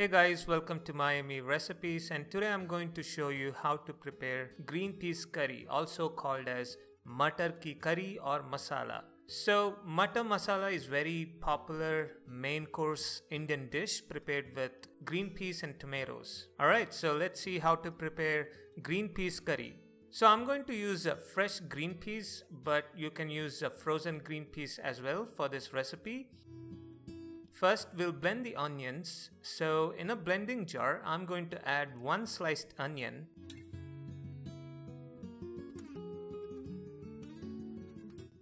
Hey guys, welcome to Miami Recipes and today I'm going to show you how to prepare green peas curry also called as Matar ki curry or masala. So Matar masala is very popular main course Indian dish prepared with green peas and tomatoes. Alright, so let's see how to prepare green peas curry. So I'm going to use a uh, fresh green peas but you can use a uh, frozen green peas as well for this recipe. First, we'll blend the onions. So in a blending jar, I'm going to add one sliced onion.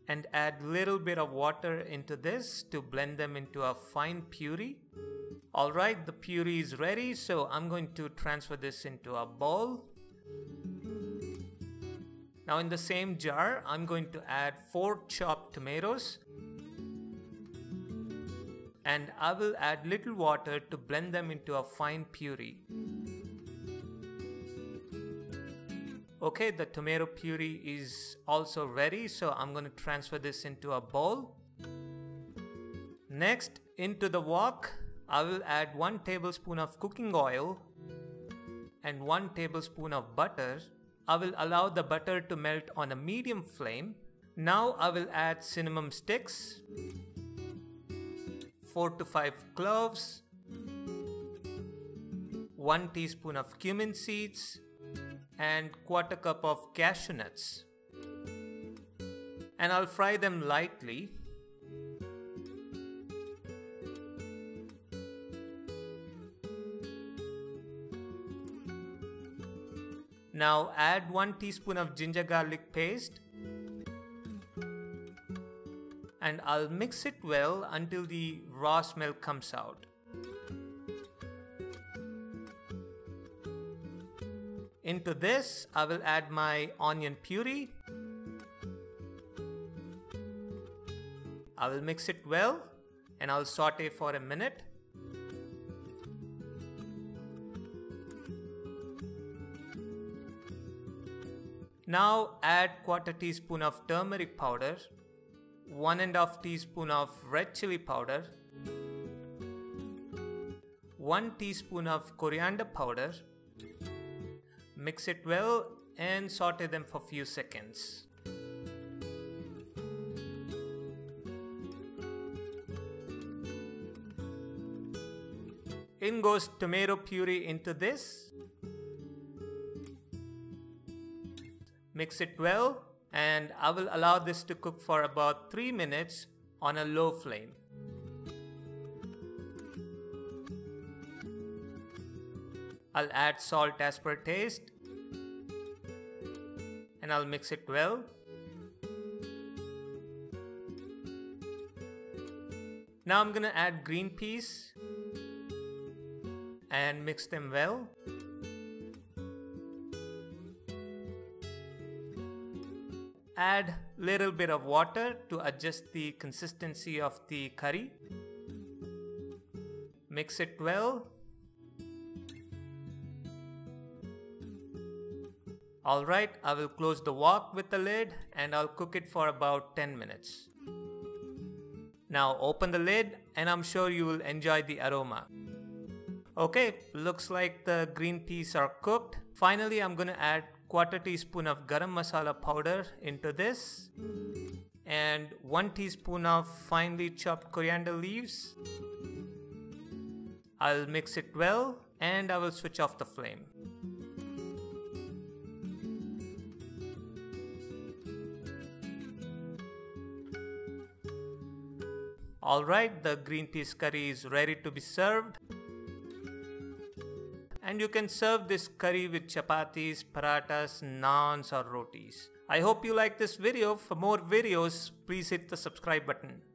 And add little bit of water into this to blend them into a fine puree. Alright, the puree is ready, so I'm going to transfer this into a bowl. Now in the same jar, I'm going to add 4 chopped tomatoes and I will add little water to blend them into a fine puree. Okay, the tomato puree is also ready, so I'm going to transfer this into a bowl. Next, into the wok, I will add 1 tablespoon of cooking oil and 1 tablespoon of butter. I will allow the butter to melt on a medium flame. Now I will add cinnamon sticks 4 to 5 cloves, 1 teaspoon of cumin seeds, and quarter cup of cashew nuts. And I'll fry them lightly. Now add 1 teaspoon of ginger garlic paste and I'll mix it well until the raw smell comes out. Into this, I will add my onion puree. I will mix it well and I'll saute for a minute. Now add quarter teaspoon of turmeric powder 1 and half teaspoon of red chili powder, 1 teaspoon of coriander powder. Mix it well and saute them for few seconds. In goes tomato puree into this. Mix it well and I will allow this to cook for about 3 minutes on a low flame. I'll add salt as per taste and I'll mix it well. Now I'm gonna add green peas and mix them well. add little bit of water to adjust the consistency of the curry. Mix it well. Alright, I will close the wok with the lid and I'll cook it for about 10 minutes. Now open the lid and I'm sure you will enjoy the aroma. Okay, looks like the green peas are cooked. Finally, I'm gonna add quarter teaspoon of garam masala powder into this and 1 teaspoon of finely chopped coriander leaves. I'll mix it well and I will switch off the flame. Alright, the green peas curry is ready to be served and you can serve this curry with chapatis, paratas, naans or rotis. I hope you like this video. For more videos, please hit the subscribe button.